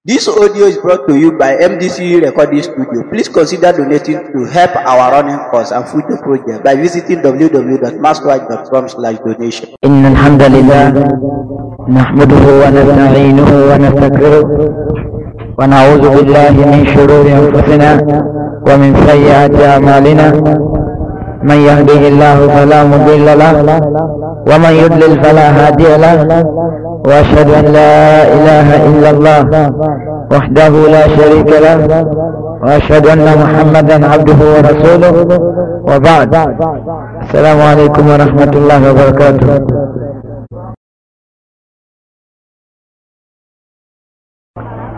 This audio is brought to you by MDCU Recording Studio. Please consider donating to help our running costs and future project by visiting www.maskwatch.com slash donation. إن الحمد لله نحمده ونستعينه ونستغفره ونعوذ بالله من شرور أنفسنا ومن سيئات أعمالنا من يهده الله فلا مضل له ومن يضلل فلا هادي له واشهد ان لا اله الا الله وحده لا شريك له واشهد ان محمدا عبده ورسوله وبعد السلام عليكم ورحمه الله وبركاته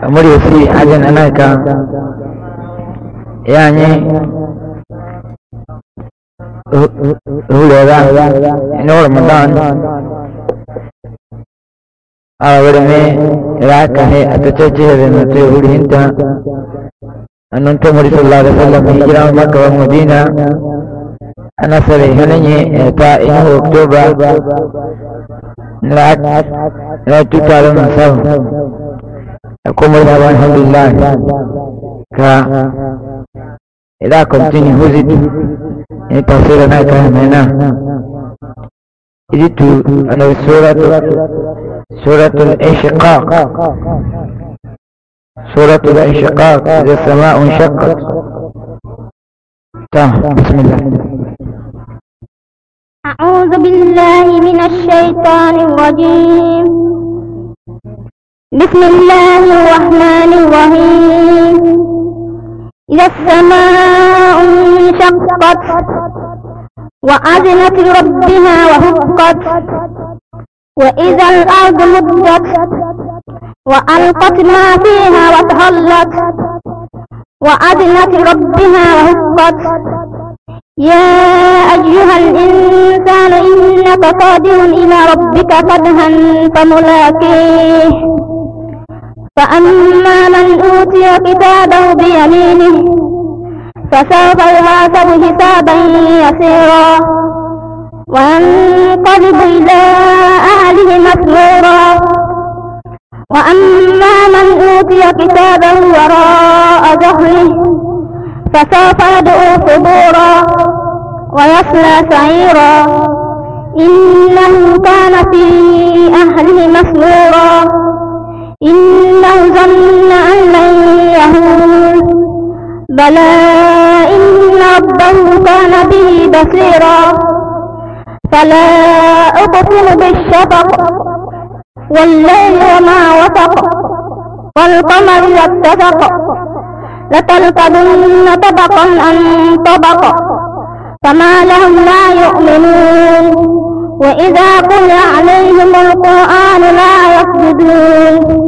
مريسي عجن انايكا يعني هو انه رمضان അവിടെ രാക്കാനെ അത്തച്ചേരുന്നത് ഉടിഹിന്ത അന്നത്തെ മുറിച്ചുള്ള ഹിജറാം Mecca Medina അനസറെ ഹനഞ്ഞ് ഏത്ത ഇന്ന് October two thousand seven أقوم لها والحمد لله ك إذا كنت هزت ان تفسير ما هنا اذا انا سورة سورة الانشقاق سورة الانشقاق اذا السماء انشقت بسم الله أعوذ بالله من الشيطان الرجيم بسم الله الرحمن الرحيم إذا السماء انشقت وأذنت لربها وهقت وإذا الأرض مدت وألقت ما فيها وتهلت وأذنت لربها وهبت يا أيها الإنسان إنك قادر إلى ربك فتها فملاقيه فأما من أوتي كتابه بيمينه فسوف يحاسب حسابا يسيرا وينقلب إلى أهله مسرورا وأما من أوتي كتابه وراء ظهره فسوف يدعو ثبورا ويصلى سعيرا إنه كان في أهله مسرورا يعلمون بلى إن ربه كان به بصيرا فلا أقسم بالشفق والليل وما وسق والقمر واتسق لتلقدن طبقا عن طبق فما لهم لا يؤمنون وإذا قل عليهم القرآن لا يسجدون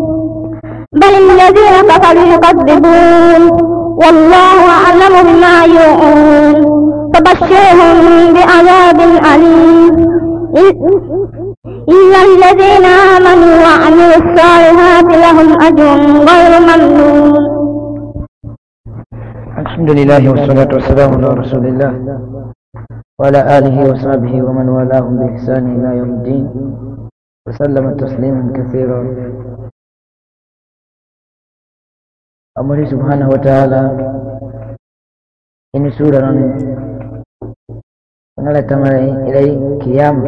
بل الذين كفروا يكذبون والله أعلم بما يوعون فبشرهم بعذاب أليم إلا الذين آمنوا وعملوا الصالحات لهم أجر غير ممنون الحمد لله والصلاة والسلام على رسول الله وعلى آله وصحبه ومن والاهم بإحسان إلى يوم الدين وسلم تسليما كثيرا أمري سبحانه وتعالى إن سورة ونالا تمر إلي كيام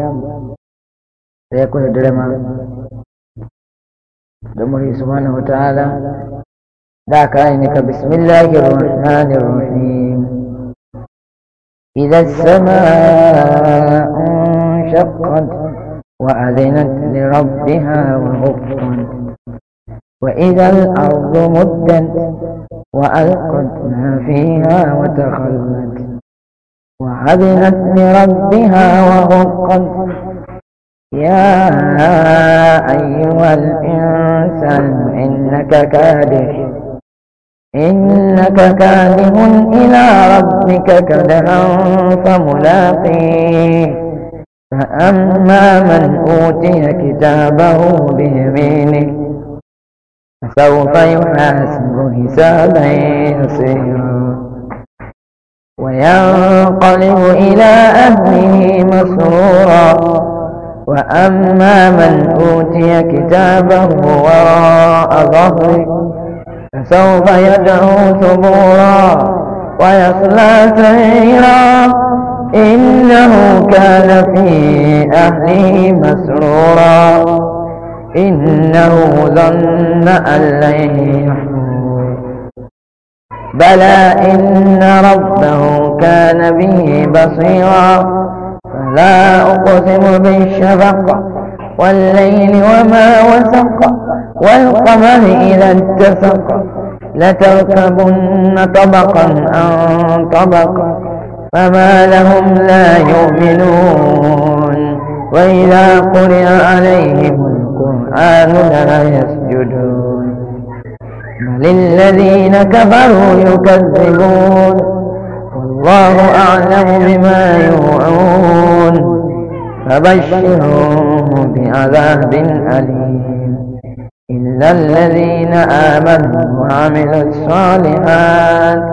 ليكون الدرما أمري سبحانه وتعالى ذاك عينك بسم الله الرحمن الرحيم إذا السماء انشقت وأذنت لربها وغفرت وإذا الأرض مدت وألقت ما فيها وتخلت وحزنت لربها وغقت يا أيها الإنسان إنك كادح إنك كادح إلى ربك كدحا فملاقيه فأما من أوتي كتابه بيمينه فسوف يحاسب حسابا يسيرا وينقلب إلى أهله مسرورا وأما من أوتي كتابه وراء ظهره فسوف يدعو ثبورا ويصلى سعيرا إنه كان في أهله مسرورا إنه ظن أن لن يحور بلى إن ربه كان به بصيرا فلا أقسم بالشفق والليل وما وسق والقمر إذا اتسق لتركبن طبقا عن طبق فما لهم لا يؤمنون وإذا قرئ عليهم قرآننا يسجدون بل الذين كفروا يكذبون والله أعلم بما يوعون فبشرهم بعذاب أليم إلا الذين آمنوا وعملوا الصالحات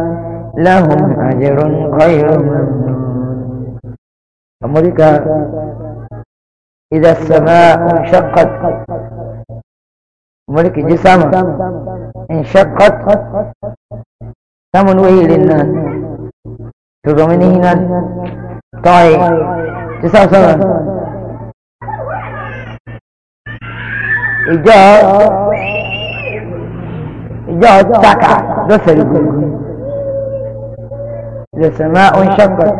لهم أجر غير ممنون أمريكا إذا السماء انشقت ملك جسم انشقت ثمن وهي للنان تضمنه نان طاي تسع سنة إجاء إجاء تقع دسل إذا السماء انشقت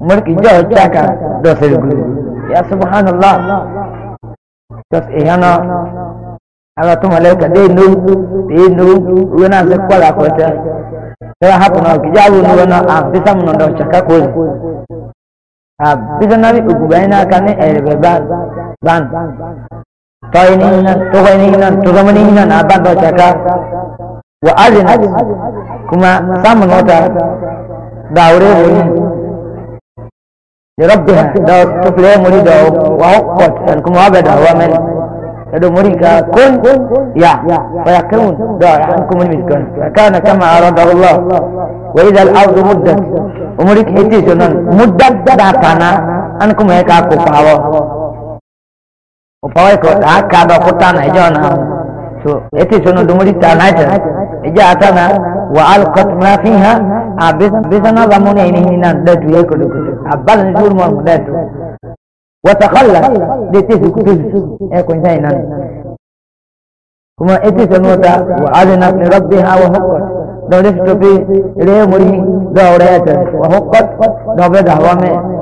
ملك إجاء تقع دسر ya subhanallah just ihana ala to malaika de no de no wena se kwala ko ta sai hapo na kijabu no wana a bisa mun ndo chaka ko a bisa na bi ugubaina kane erbe ban ban toyini na toyini na tozamani na na ban do chaka wa azina kuma samun wata daure ne لربها دو تفلي مريد وعقد أنكم عبد ومن دو مريد كن يا فيكون دو أنكم المسكن فكان كما أراده الله وإذا الأرض مدت ومريد حتي سنن مدت داتانا أنكم هيك أكو فاوا وفاوا يكو أكا دو قطانا إجانا so eti sono dumuri tanai tan ija atana وألقت ما فيها بسنا ضمون عينه نندت ويكدو أبال نشور مرمدت وتخلت لتسك تسك يكون شيئا كما اتس الموتى وأذنت لربها وهقت لو لست في إليه مره دوريات وهقت لو بدأ ومي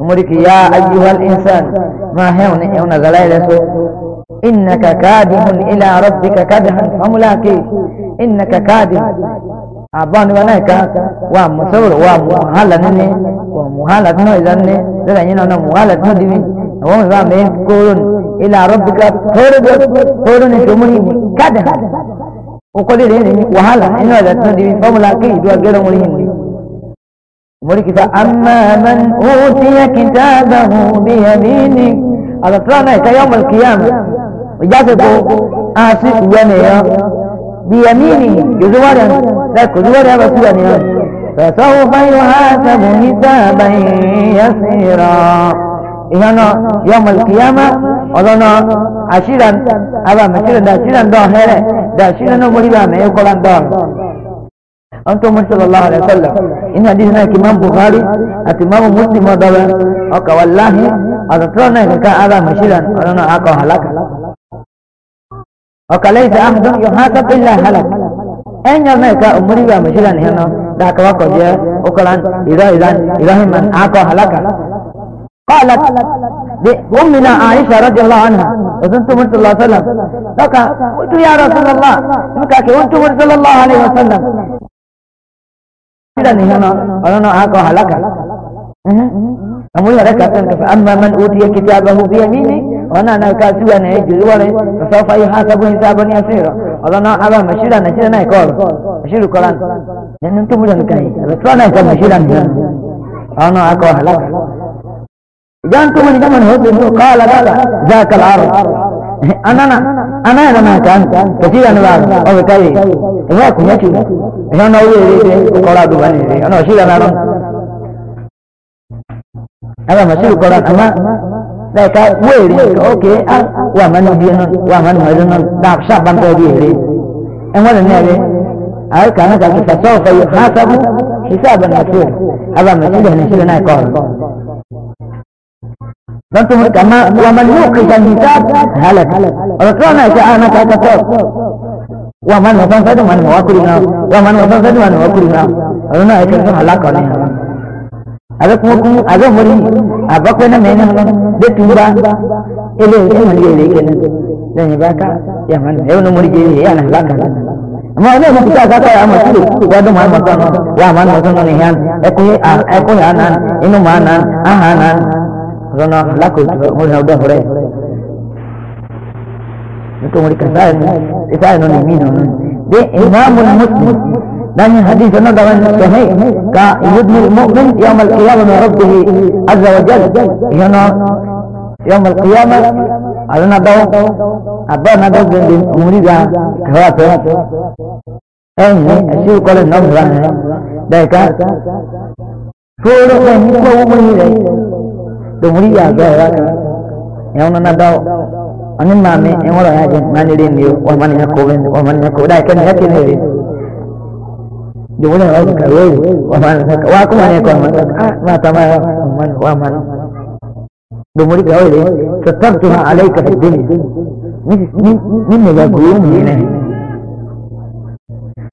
مريك يا أيها الإنسان ما هي هنا غلائل رسول إنك كادح إلى ربك كدحا فملاقيه إنك كادح أبان ونايكا ومصور ومهالة نني ومهالة نويزة نني لذا ينونا مهالة ندمي ومهالة مين كورون إلى ربك تورد تورد تمرين كدحا وقال لي وهلا إنه إذا تندمي فملاقيه دوا غير مولي مريكتا أما من أوتي كتابه بيمينك على طلعنا يوم القيامة ìjásẹ̀kọ́ àti ìyẹnìyàn bí yẹmíìnì ìzúwárẹ̀ lẹ́kọ̀ọ́ ìzúwárẹ̀ bá sí yẹnìyàn. فسوف يحاسب حسابا يسيرا إهنا يوم القيامة أظن عشيرا أبا مشيرا دا عشيرا دا هيرا دا عشيرا نمريبا ما يقولان دا أنتم صلى الله عليه وسلم إن حديثنا كمان بخاري أتمام مسلم ودوا أكا والله أتطلعنا كا مشيرا أظن أكا هلاكا وكليس أحد يحاسب إلا هلك أين يرميك أمري ومشيلا هنا ذاك وقت جاء أكلا إذا إذا إذا من أعطى هلك قالت لأمنا عائشة رضي الله عنها وسنت من صلى الله عليه وسلم لك قلت يا رسول الله لك وانت من صلى الله عليه وسلم مشيلا هنا ولنا أعطى هلك أمري ركعت فأما من أوتي كتابه بيمينه wannan na ka tuya ne yake zuwa ne fa sawfa yuhasabu hisaban yasira Allah na aba mashira na kira na kawai mashiru Quran dan nan tumu dan kai rasulan ka mashira ne ana aka halaka dan tumu dan man hobi no qala bala zaka al-arab anana ana da na kan tafiya ne ba o kai ya ku ya ci ya na wuye ne ko kora duba ne ana shira na aba mashiru Quran amma ka wéèrè nǹkan ókè á wà mánu bíi nù wà mánu mẹ́rin nù náà sábà ń kọ́ bíi èrè ẹ wọ́n lè ní ẹ̀rẹ́ àwọn kan náà kàkí fàtọ́ ọ̀fẹ́ yìí máa sábú iṣẹ́ àbẹ̀ náà tó àbá mẹ́rin lè ní sílẹ̀ náà kọ́ ọ̀rọ̀. don tun rika ma wa man yuqi dan hisab halak ọ̀rọ̀ tó náà ṣe àwọn náà kàkọ́ wa man wa san fẹ́dùn wa ni wà kúrì náà wa man wa san fẹ́dùn wa ni wà kúrì náà ọ̀rọ̀ náà ẹ̀kẹ́ aga kuma kun aga muri abakwe na mena da tuba ele ele mun ge leke nan dan ibaka ya man yau na muri ge ya na halaka amma wannan mun fita saka ya amma su wa da mai mata ya man mata nan yan e ko a e ko ya nan inu ma nan aha nan rona halako mu na da hore to muri kasa ita ne ni ni no de imamul muslim لأن حديث ندر صحيح كيبني المؤمن يوم القيامة من ربه عز وجل هنا يوم القيامة على ندو أبا ندو بن مريد كواته أين أشير كل النظرة ذلك فورو من هو مريد تمريد كواته يوم ندو أنا ما من أمر هذا ما نريد وما نحكو وما نحكو لكن هكذا نريد dole wa ka wai wa fa na ka wa kuma ne ko man ah ma ta ma man wa man do muri ka wai sattartuha alayka fi dunya min ne ya goyon ne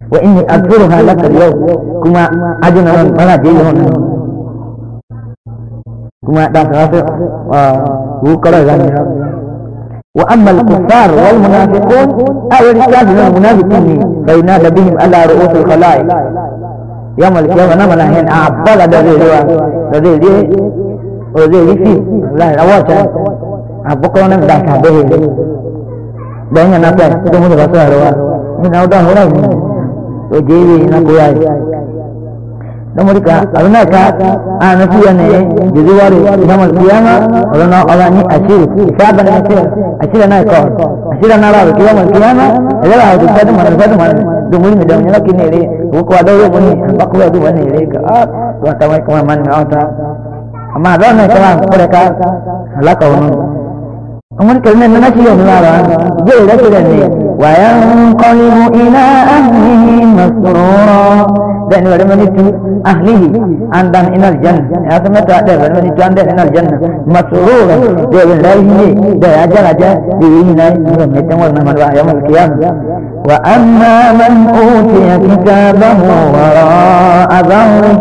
wa inni aghfiruha laka yau kuma ajina ran bana je yau kuma da ka wa ku kala zan وأما الكفار والمنافقون أو من المنافقين بين بهم على رؤوس الخلائق يوم القيامة نمنا هنا أعبال دليل دليل ودليل فيه لا الأواسع أبقى نمدك به دعنا نبدأ دمون بصار من أوضاع هنا وجيبي نقوياي Nomorika, alunaka, anafiya ne juzuwari yamal kiyama, olana olani ashiri, isaba na ashira, ashira na ikawa, ashira na rabu kiyamal kiyama, ezala hau dukadu mana dukadu mana, dumuli midamu nyala kinere, wukwa dole muni, bakuwa duwa nere, ah, kwa tamai kuma mani na ota, amma dole na ikawa, kureka, laka wunu, عمر كلمة ما ماشي جيدة كده وينقلب إلى أهله مسرورا دعني ولما أهله أهله عندهم إن الجنة هذا تعالى تعدى ولما نتو إن الجنة مسرورا دي لا يهي دي أجل أجل دي إلي يمتن ورنمر يوم القيامة وأما من أوتي كتابه وراء ظهره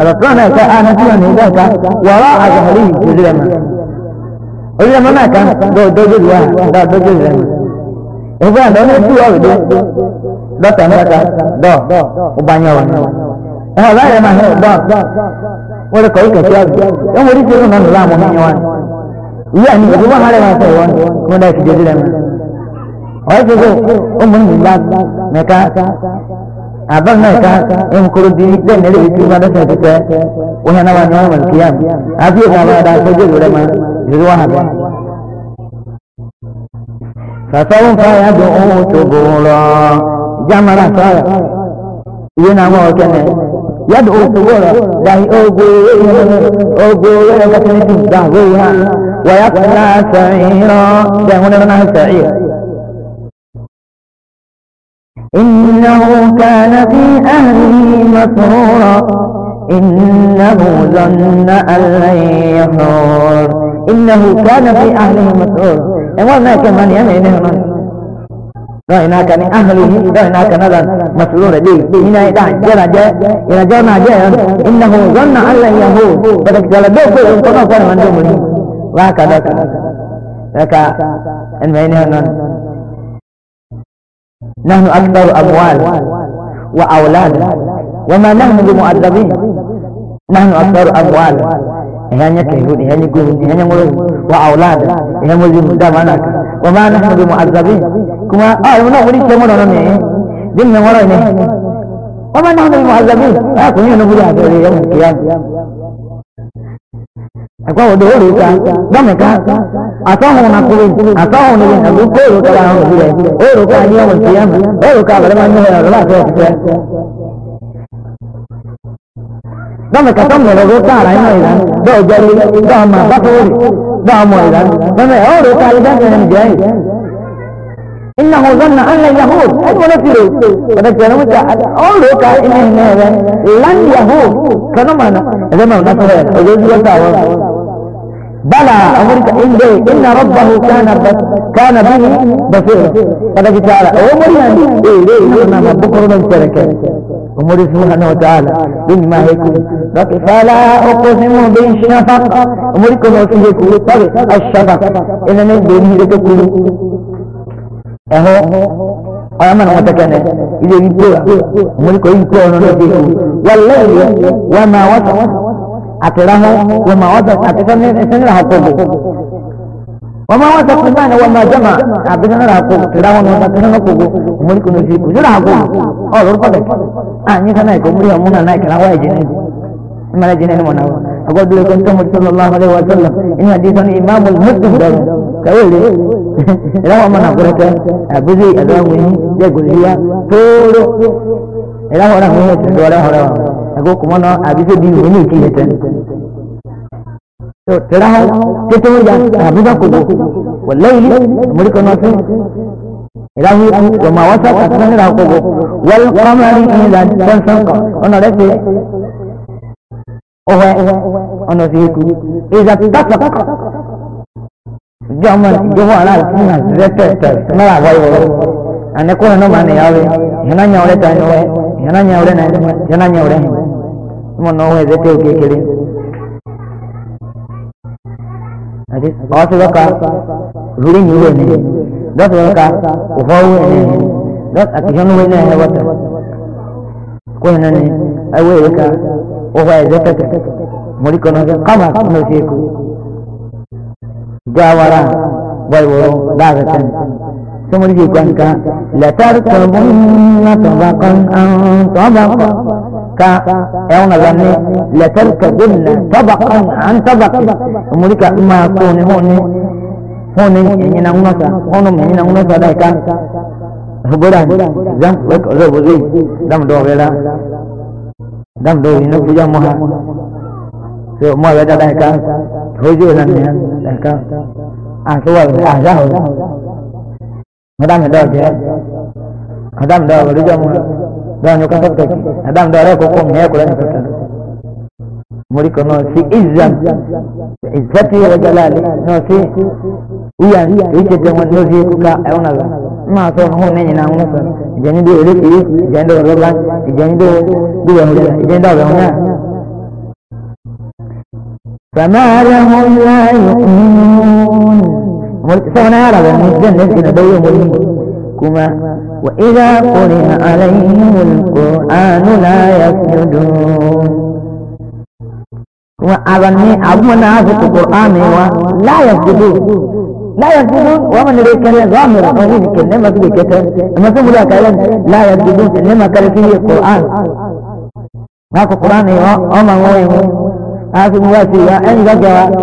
الأطلال كأنا كأنا وراء ظهره جزيلا orí ẹ̀mọ́ náà kan Do Doju dá dọ́jọ́ ìrẹ́ mi. ìfẹ́ àná ní tú ọ̀rọ̀ dé dọ́tà mẹ́ta Do ọbànyàn wà. ẹ̀ ọ̀la yẹn máa ń bọ̀ wọ́n lè kọ́ ìkẹ́ sí àgbẹ̀ ẹ̀ wọ́n rí sí ìrùnà nìlá àwọn ọmọ wa. ìyá mi ìdí wọn hárẹ̀ wọn sẹ̀ wọn kí wọ́n dá ìfìdí ìrẹ́ mi. ọ̀rẹ́ ti sọ ọmọ mi ìlà mẹ́ka abal na ka in kuru di ikpe nere ikpe ma da sa kike wani na wani wani kiyam afi ma ma da so je lura ma للوهب فسوف يدعو ثبورا جمرة صايا ينامو كنه يدعو ثبورا دهي اوغوي لكنتي دهويها ويصلى سعيرا ده لنا منها سعير إنه كان في أهله مسرورا إنه ظن أن لن يحور إنه كان في أهله مسؤول إما من يمي نهما رأينا كان أهله رأينا كان هذا مسؤول دي هنا جرى جاء إلى جانا جاء إنه ظن على لن يهود بدك جل دوك يمكن أن من دومني وهكذا لك المين نهما نحن أكثر أموال وأولاد وما نحن بمؤذبين نحن أكثر أموال إهانة كهود إهانة جهود إهانة مرور وأولاد إهانة مرور مدامنك وما نحن بمعذبين كما آه هنا مريد كمان أنا إيه؟ مين دمنا مرة إنه وما نحن بمعذبين آه كنا نقول هذا إيه؟ يوم القيامة أقوى دوري لك دمك أتاه نقول أتاه أقول نقول كل كلام نقول أوروكا يوم القيامة أوروكا بلما نهر الله dama ka tan lo ta ra na ira do jari do ma ba to ri do mo ira na me o ro ka ri da ne jai innahu dhanna an la yahud ay wala tiru kada kana mu ta o ro ka inne ne ne lan yahud kana mana da ma na ta o jo ji ta wa بلى أمرك إن إن ربه كان كان به بصيرا فذلك تعالى أمري أن إيه إيه إيه ما بكر من شركه ومولي سبحانه وتعالى بما هيكم لك فلا أقسم بالشفق ومولي كما سيكو طبع الشفق إن نجدين هيك كل أهو أمن متكنة إذا يبقى مولي كو يكون ونبيكو والليل وما وسط أتراه وما وسط أتراه أتراه wọ́n máa wá sọ́kùn báyìí wọ́n máa jẹ́mà àbínára àkó ìdáwọn ọmọ ìdáwọn ọkọ̀ òmùrí kò ní oṣù ìkùn yóò àgọ́ ọ̀rọ̀ pọ̀lẹ̀ àyìn kan náà ìkọ̀ múrí ọmú náà náà wáyé jẹ́ náà ìmọ̀lẹ́ jẹ́ náà mọ̀nà ọgọ́ dúró kó ń tọ́ mọ̀tí sọ́lọ́ láwọn ọlẹ́wà sọ́lọ́ inú àdé sọ́ni ìmáàmù mọ́tò dọ̀rọ̀ kẹwé rè ìdáwọn ọmọ náà kúrẹ́kẹ́ àbúzé àdáwọn wọ̀nyí jẹ́ gòlíyà tóóró ìdáwọn ọ̀rọ̀ àwọn ọmọ ìtìsọ́ ọ̀rẹ́ ọ̀rẹ́ wọn àgọ́ kùmọ́nà àbísẹ́ bíi wọ́n ní ìkíyẹ̀tẹ́ تڑا ہے کہ تو یا حبیبہ کو واللیل مڑ کو نہ سے الہی وما وسط اتنا راہ کو والقمر اذا تنسق انا رہتے اوہ انا سیکو اذا تسق جمل جو والا سنا رہتے تھے میرا بھائی وہ ane ko no mane yawe yana nyawle tanoe yana nyawle na yana nyawle mo no we zete ukekele ọsẹ lọka rúrí ni wẹ́ẹ̀ nìyẹn dọ́sẹ̀ lọka òfò wẹ́ẹ̀ nìyẹn dọ́sẹ̀ àkìsọ́nù wẹ́ẹ̀ náà ẹ̀ wọ́tẹ̀ kó yẹn nani ẹwẹ́ yìí ká òfò ẹ̀jẹ̀ tẹ̀tẹ̀ mọ̀rí kan náà kama ọ̀nà òsì èkó ìjọ awara wọ́ọ̀ ìwọ̀rọ̀ dáàbẹ̀ tẹ̀ sọmọdé yìí kwan ká lẹ́tàrí kan bọ́ọ̀ ka yauna zanne la tarkabunna tabaqan an tabaqin mulika ma kone hone hone nyina ngasa hono nyina ngasa dai ka bodan zam wek robo zai dam do bela dam do ina puja moha so mo beda dai ka hoje lan ne dai ka a ah, so wa a ah, ja ho madam do je madam do ru jam don yuko ndoto adam ndara ko ko ne kula ndoto muri kono si izzan izzati wa jalali no si uyan ite de mon no si ka ona ga ma so ho ne ni na ngona so jeni do ele ki jeni do ro lan jeni do du ya hoya jeni do ga فما لهم لا يؤمنون سوف نعرف أن الجنة تنبيه مريم ربكما وإذا قرئ عليهم القرآن لا يسجدون وأظن أبو في القرآن لا يسجدون لا يسجدون ومن يكلم ظامر ومن يكلم ما في كتاب ما في ولا كلام لا يسجدون إنما كان فيه القرآن هذا القرآن هو أمر وهو هذا مواسي وإن ذكر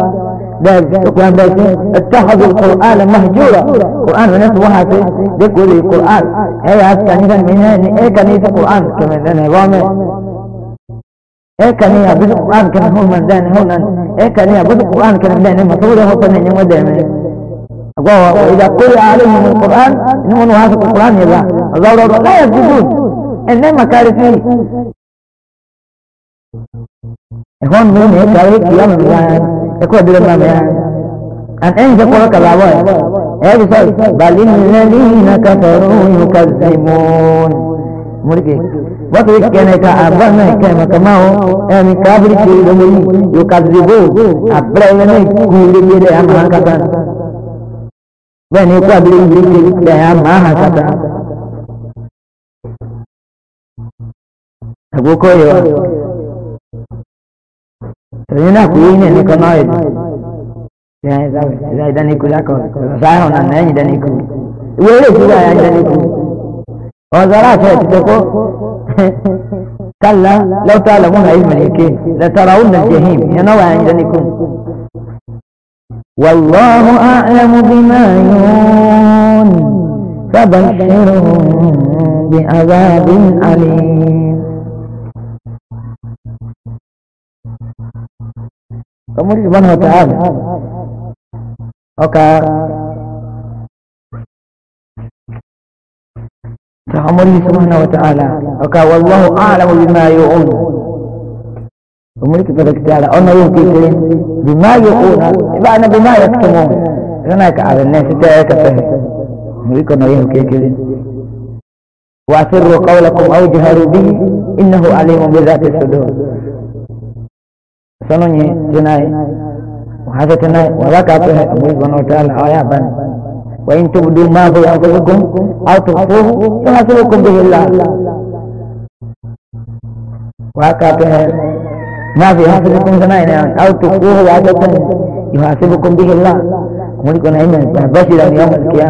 كان بيتي اتخذوا القرآن مهجورا القرآن من اسمه حاسي دي كل القرآن هي هاس من هنا ايه كنيسة القرآن كما لنا رامي ايه كان هي القرآن كان هو من دان هنا ايه كان هي القرآن كان من دان مطولة هو كان هنا مدامة وإذا قل عليهم القرآن إنهم هذا القرآن يبقى الله الله لا يسجدون إنما كارثين هون من هيك قيام القرآن ẹ̀kọ́ ìdílé máa mẹ́ra àti ẹ̀yìn jẹ́ kọ́rọ́ kàlà wọ̀ ẹ̀ ẹ́ bísọ̀ bàlí nílẹ̀ líyìn kàfọ̀rọ̀ òyìn kàzí mọ́ọ̀n múríkè bọ́sù yìí kẹ́nẹ̀ ká àbúrò náà kẹ́ màkà máa wọ ẹ̀mí káfírí kì í lọ́mọ yìí yóò kàzí bò àbúrò náà kú lébílẹ̀ àmà kàtà bẹ́ẹ̀ ni ikú àbúrò yìí lébílẹ̀ àmà kàtà. àgbókò yọ Rina kuine ni konoid. Ya sabe, ya dani kula ko. Sayo na nani dani ko. Wele kula ya dani ko. O zara ce ta ko. Kalla law ta'lamuna ilma al-yakin la tarawunna al-jahim. Ya nawa ya dani ko. والله أعلم بما يون فبشرهم بعذاب أليم فمولي سبحانه وتعالى أوكا فمولي والله أعلم بما يوعون فمولي سبحانه وتعالى أنا يوكي بما يوعون إبعنا بما يكتمون هناك على الناس تأيك فهم موليك أنا يوكي وأسروا قولكم أو جهروا به إنه عليم بذات الصدور सुनो ये सुनाए वहां से सुनाए वाला कहते अबू बनो चाल बन वहीं तो बुद्धू माँ को यहाँ को गुम आओ तो तो यहाँ से कुम भी हिला वहां कहते हैं ना भी यहाँ से वो कुम सुनाए ना आओ तो वो यहाँ से वो कुम भी हिला मुझे को नहीं मिलता है बस इधर नियम किया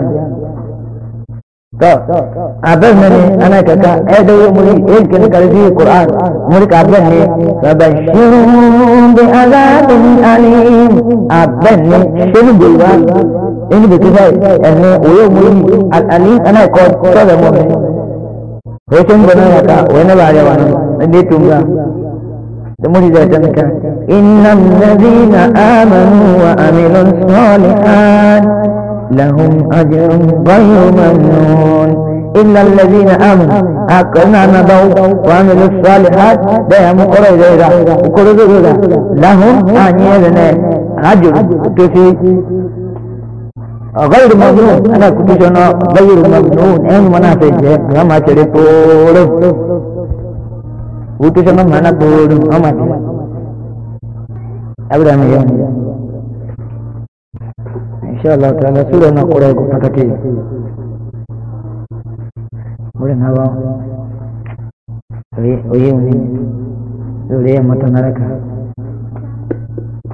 तो अब मैंने अनाय कहता ऐ देव मुझे एक के कर दिए कुरान मुझे काबिल है रबाई शुरू بعذاب أليم أبني شنو بالوان إن بتفاي أنا ويوم الأليم أنا قد كذا مؤمن هيتم بناياك وين بعد وانا نديتم لا تمشي ذات مكان إن الذين آمنوا وعملوا الصالحات لهم أجر غير ممنون إلا الذين آمنوا أكنا ندعو وعملوا الصالحات بهم مقرأ ذيرا لهم أن لنا أجر تسي غير مجنون أنا كنت شنا غير مجنون أين منافع جه ما تري بولو وتو شنا منا بولو ما تري أبدا ميا إن شاء الله تعالى سورة نقرأ كفتكي Oye, oye. Oye, oye, oye, la Motonaraka